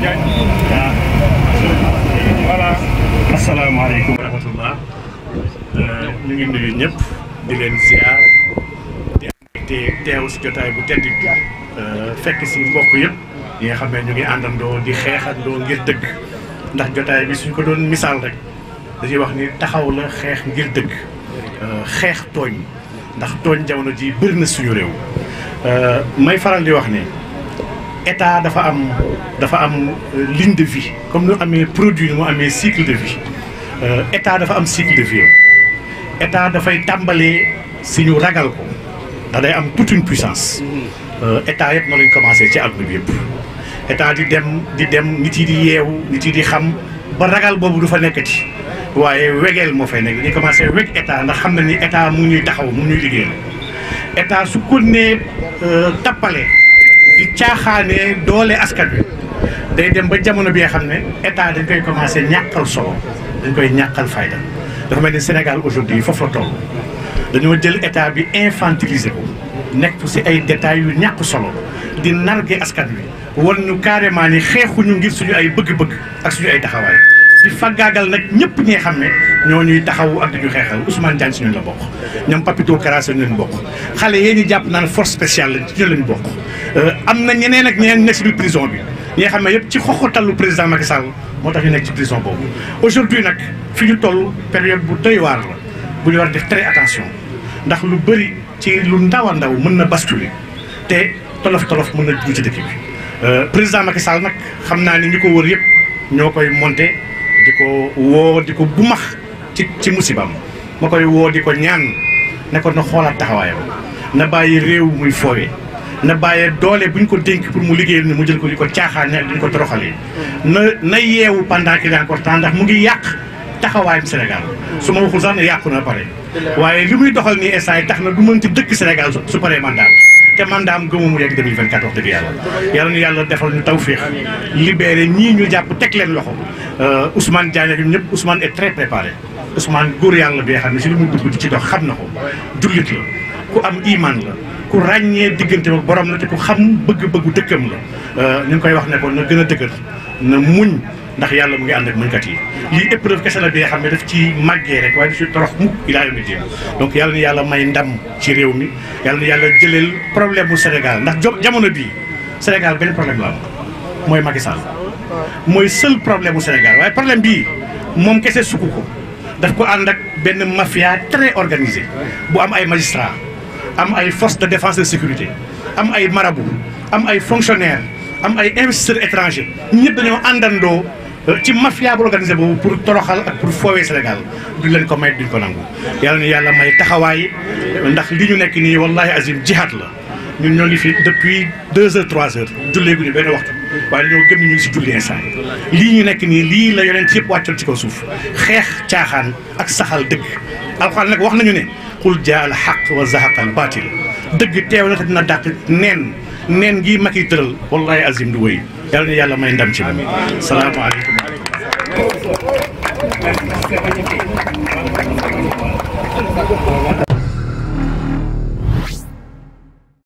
Diagne voilà asalaamaaleykum wa rahmatullah euh, ñu ngi nuyu ñëpp di leen ziar di te teew si jotaay bu tedd euh, fekk si mbokk yëpp yi nga xam ne ñu ngi àndandoo di xeexandoo ngir dëgg ndax jotaay bi suñ ko doon misaal rek dañuy wax ni taxaw la xeex ngir dëgg euh, xeex tooñ ndax tooñ jamono ji bëri na suñu réew may faral di wax ni état dafa am dafa am euh, ligne de vie comme nu amee produit mu amee cycle de vie euh, état dafa am cycle de vie état dafay tàmbalee si ñu ragal ko da day am toute une puissance euh, état yëpp noonu lañ commencé ci àdduna bi yëpp état di dem di dem nit yi di yeewu nit di xam ba ragal boobu du fa nekkati waaye wegeel moo fay nekk di commencé weg état ndax xam na ni état mu ñuy taxaw mu ñuy liggéeyal état su ko nee tappale di caaxaanee doole askan wi day dem ba jamono bi nga xam ne état dañ koy commencé ñàkkal solo dañ koy ñàkkal fayda dafa mel ni Sénégal aujourd'hui foofu la dañoo jël état bi infantiliser ko nekk ci ay détails yu ñàkk solo di narge askan bi war ñu carrément ni xeexuñu ngir suñu ay bëgg-bëgg ak suñu ay taxawaay di faggaagal nag ñëpp ñi xam ne ñoo ñuy taxawu ak dañu xeexal Ousmane Diagne si ñun la bokk ñoom Papito Kara si ñun bokk xale yéen ñi jàpp naan force spéciale lañ ci ñun lañ bokk am na ñeneen ak ñeneen nekk ci biir prison bi ñi xam ne yëpp ci xoxotalu président Macky Sall moo tax yu nekk ci prison boobu. aujourd'hui nag fi ñu toll période bu doy waar la bu ñu war def très attention ndax lu bëri ci lu ndaw a ndaw mën na basculer te tolof tolof mën na dugg ci dëkk bi euh, président Macky Sall nag xam naa ni ñu ko wër yëpp ñoo koy monter di ko woo di ko bu max ci ci musibam ma koy woo di ko ñaan ne ko na xoolaat taxawaayam na bàyyi réew muy foowee na bàyyee doole bu ñu ko dénk pour mu liggéeyal ni mu jël ko di ko caaxaan ne duñ ko toroxalee. Mm. na na yeewu pendant qu'il est encore ndax mu ngi yàq taxawaayam Sénégal. Mm. su ma waxul sax ne yàqu na pare. waaye li muy doxal ni instant yi tax na du mënti dëkk senegal su paree mandat te mandaam gëmu mu yegg 2024 wax dëgg yàlla yàlla nu yàlla defal ñu tawféex libéré ñii ñu jàpp teg leen loxo euh, Ousmane Diagne ak ñëpp Ousmane est très préparé Ousmane góor yàlla bi nga xam ne si di ci dox xam na ko jullit la ku am iman la ku ràññee diggante ak borom na te ku xam bëgg-bëggu dëkkam la ñu euh, ngi koy wax ne na gën a dëgër na muñ ndax yàlla mu ngi ànd ak muñkat yi lii épreuve kese la bi nga xam ne daf ci màggee rek waaye du si torox mukk ilaa yawmi yàlla may ndam ci réew mi yàlla na yàlla jëleel problème bu Sénégal ndax jamono bii Sénégal benn problème la am mooy Macky mooy sël problème bu Sénégal waaye problème bii moom kese sukk ko daf ko ànd ak benn mafia très organisée bu am ay magistrat am ay force de défense de sécurité am ay marabout am ay fonctionnaires am ay investisseurs étrangers ñëpp dañoo àndandoo euh, ci mafia bu organisé boobu pour toroxal ak pour foowee Sénégal duñ leen ko may duñ ko nangu yàlla na yàlla may taxawaay ndax li ñu nekk nii wallahi azim jihad la ñu ñoo ngi fi depuis deux heures trois heures julleeguñu benn waxtu waaye ñoo gëm ni ñu ngi si julli instant lii ñu nekk nii lii la yonent yëpp wàccoon ci kaw suuf xeex caaxaan ak saxal dëgg alxuraan nag wax nañu ne qul jaa al xaq wa zahaqal baatil dëgg teew na te dina dàq neen neen gi mag yi tëral wallahi azim du wéy yàlla na yàlla may ndam ci moom salaamaaleykum wa rahmatulah